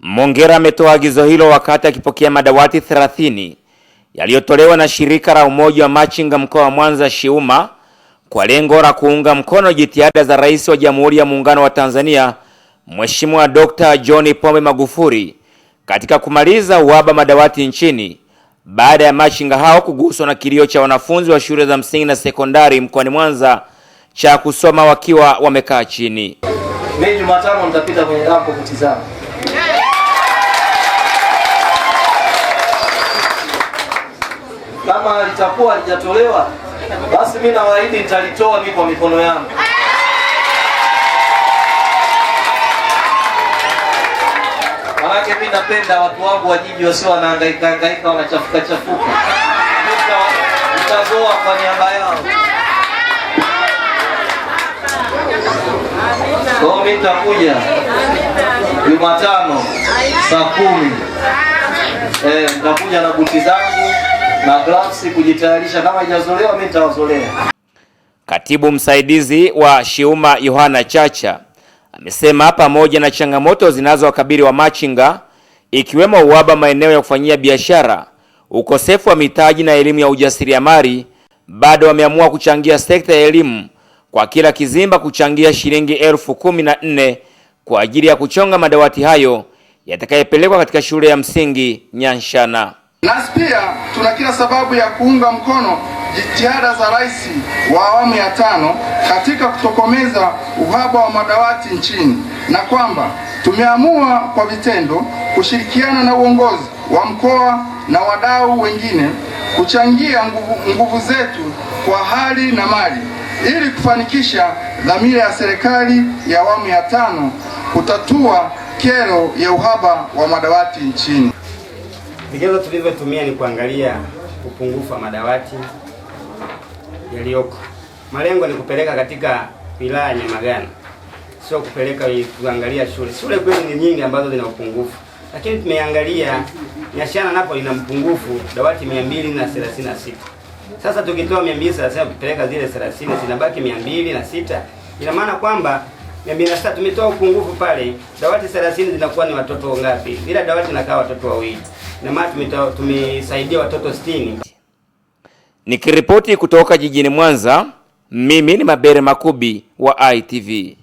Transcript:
Mongera ametoa agizo hilo wakati akipokea madawati 30 yaliyotolewa na shirika la Umoja wa Machinga mkoa wa Mwanza SHIUMA kwa lengo la kuunga mkono jitihada za Rais wa Jamhuri ya Muungano wa Tanzania Mheshimiwa Dr. John Pombe Magufuli katika kumaliza uhaba madawati nchini baada ya machinga hao kuguswa na kilio cha wanafunzi wa shule za msingi na sekondari mkoani Mwanza cha kusoma wakiwa wamekaa chini. Mimi Jumatano nitapita kwenye dampo kutizama. kama litakuwa halijatolewa, basi mimi nawaahidi nitalitoa mimi kwa mikono yangu. Manake mimi napenda watu wangu wajiji wasio wanahangaika hangaika, wanachafuka chafuka, nitazoa kwa niaba yao. Kwa hiyo mimi nitakuja Jumatano saa kumi. Eh, nitakuja na buti zangu na gloves kujitayarisha, kama haijazolewa mimi nitawazolea. Katibu msaidizi wa Shiuma Yohana Chacha amesema pamoja na changamoto zinazowakabili wamachinga ikiwemo uhaba maeneo ya kufanyia biashara, ukosefu wa mitaji na elimu ya ujasiriamali, bado wameamua kuchangia sekta ya elimu kwa kila kizimba kuchangia shilingi elfu kumi na nne kwa ajili ya kuchonga madawati hayo yatakayepelekwa katika shule ya msingi Nyanshana. Nasi pia tuna kila sababu ya kuunga mkono jitihada za rais wa awamu ya tano katika kutokomeza uhaba wa madawati nchini, na kwamba tumeamua kwa vitendo kushirikiana na uongozi wa mkoa na wadau wengine kuchangia nguvu, nguvu zetu kwa hali na mali ili kufanikisha dhamira ya serikali ya awamu ya tano kutatua kero ya uhaba wa madawati nchini. Vigezo tulivyotumia ni kuangalia upungufu wa madawati yaliyoko. Malengo ni kupeleka katika wilaya ya Nyamagana, sio kupeleka kuangalia shule. Shule kweli ni nyingi ambazo zina upungufu, lakini tumeangalia Nyashana napo ina mpungufu dawati 236. Sasa tukitoa 236 kupeleka zile 30 zinabaki 206. Ina maana kwamba sasa tumetoa upungufu pale, dawati 30 zinakuwa ni watoto ngapi? Bila dawati nakaa watoto wawili na maana tumesaidia watoto sitini. Nikiripoti kutoka jijini Mwanza, mimi ni Mabere Makubi wa ITV.